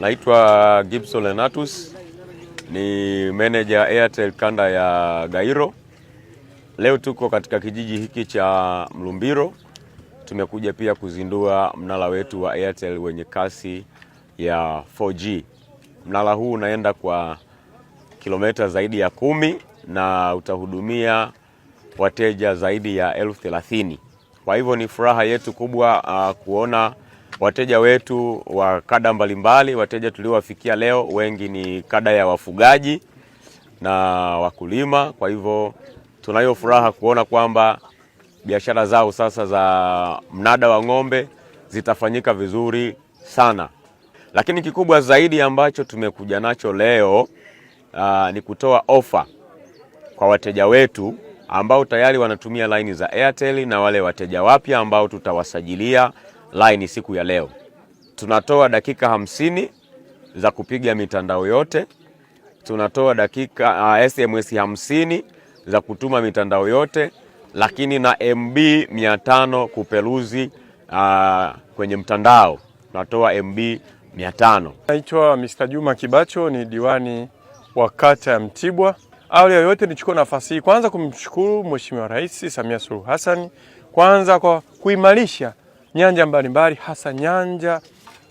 Naitwa Gibson Lenatus, ni meneja Airtel kanda ya Gairo. Leo tuko katika kijiji hiki cha Mlumbiro, tumekuja pia kuzindua mnara wetu wa Airtel wenye kasi ya 4G. Mnara huu unaenda kwa kilomita zaidi ya kumi na utahudumia wateja zaidi ya elfu thelathini. Kwa hivyo ni furaha yetu kubwa uh, kuona Wateja wetu wa kada mbalimbali, wateja tuliowafikia leo wengi ni kada ya wafugaji na wakulima. Kwa hivyo tunayo furaha kuona kwamba biashara zao sasa za mnada wa ng'ombe zitafanyika vizuri sana, lakini kikubwa zaidi ambacho tumekuja nacho leo aa, ah, ni kutoa ofa kwa wateja wetu ambao tayari wanatumia laini za Airtel na wale wateja wapya ambao tutawasajilia line siku ya leo. Tunatoa dakika hamsini za kupiga mitandao yote, tunatoa dakika uh, ah, SMS hamsini za kutuma mitandao yote, lakini na MB 500 kuperuzi uh, ah, kwenye mtandao tunatoa MB 500. Naitwa Mr. Juma Kibacho, ni diwani wa kata ya Mtibwa. Awali ya yote nichukue nafasi hii kwanza kumshukuru Mheshimiwa Rais Samia Suluhu Hassan kwanza kwa kuimarisha nyanja mbalimbali mbali, hasa nyanja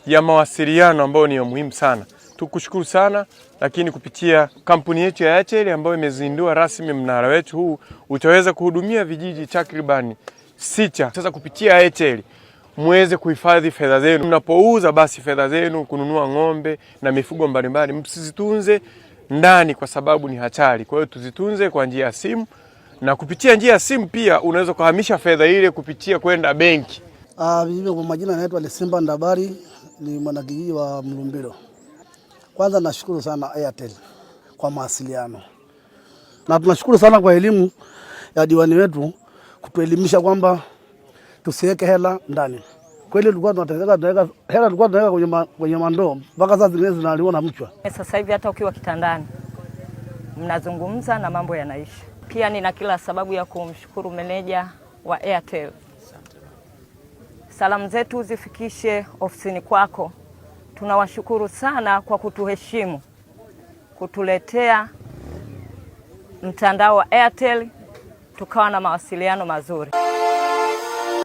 ya mawasiliano ambayo ni muhimu sana. Tukushukuru sana lakini kupitia kampuni yetu ya Airtel ambayo imezindua rasmi mnara wetu huu utaweza kuhudumia vijiji takribani sita. Sasa kupitia Airtel muweze kuhifadhi fedha zenu, mnapouza basi fedha zenu kununua ng'ombe na mifugo mbalimbali, msizitunze ndani kwa sababu ni hatari. Kwa hiyo tuzitunze kwa njia ya simu, na kupitia njia ya simu pia unaweza kuhamisha fedha ile kupitia kwenda benki Ah, mimi kwa majina naitwa Lesimba Ndabari, ni mwanakijiji wa Mlumbilo. Kwanza nashukuru sana Airtel kwa mawasiliano na tunashukuru sana kwa elimu ya diwani wetu kutuelimisha kwamba tusiweke hela ndani. Kweli tulikuwa tunateseka, tunaweka hela tulikuwa tunaweka kwenye, ma, kwenye mandoo mpaka saa zingine zinaliwa na mchwa. Sasa hivi hata ukiwa kitandani mnazungumza na mambo yanaisha. Pia nina kila sababu ya kumshukuru meneja wa Airtel salamu zetu zifikishe ofisini kwako. Tunawashukuru sana kwa kutuheshimu, kutuletea mtandao wa Airtel tukawa na mawasiliano mazuri.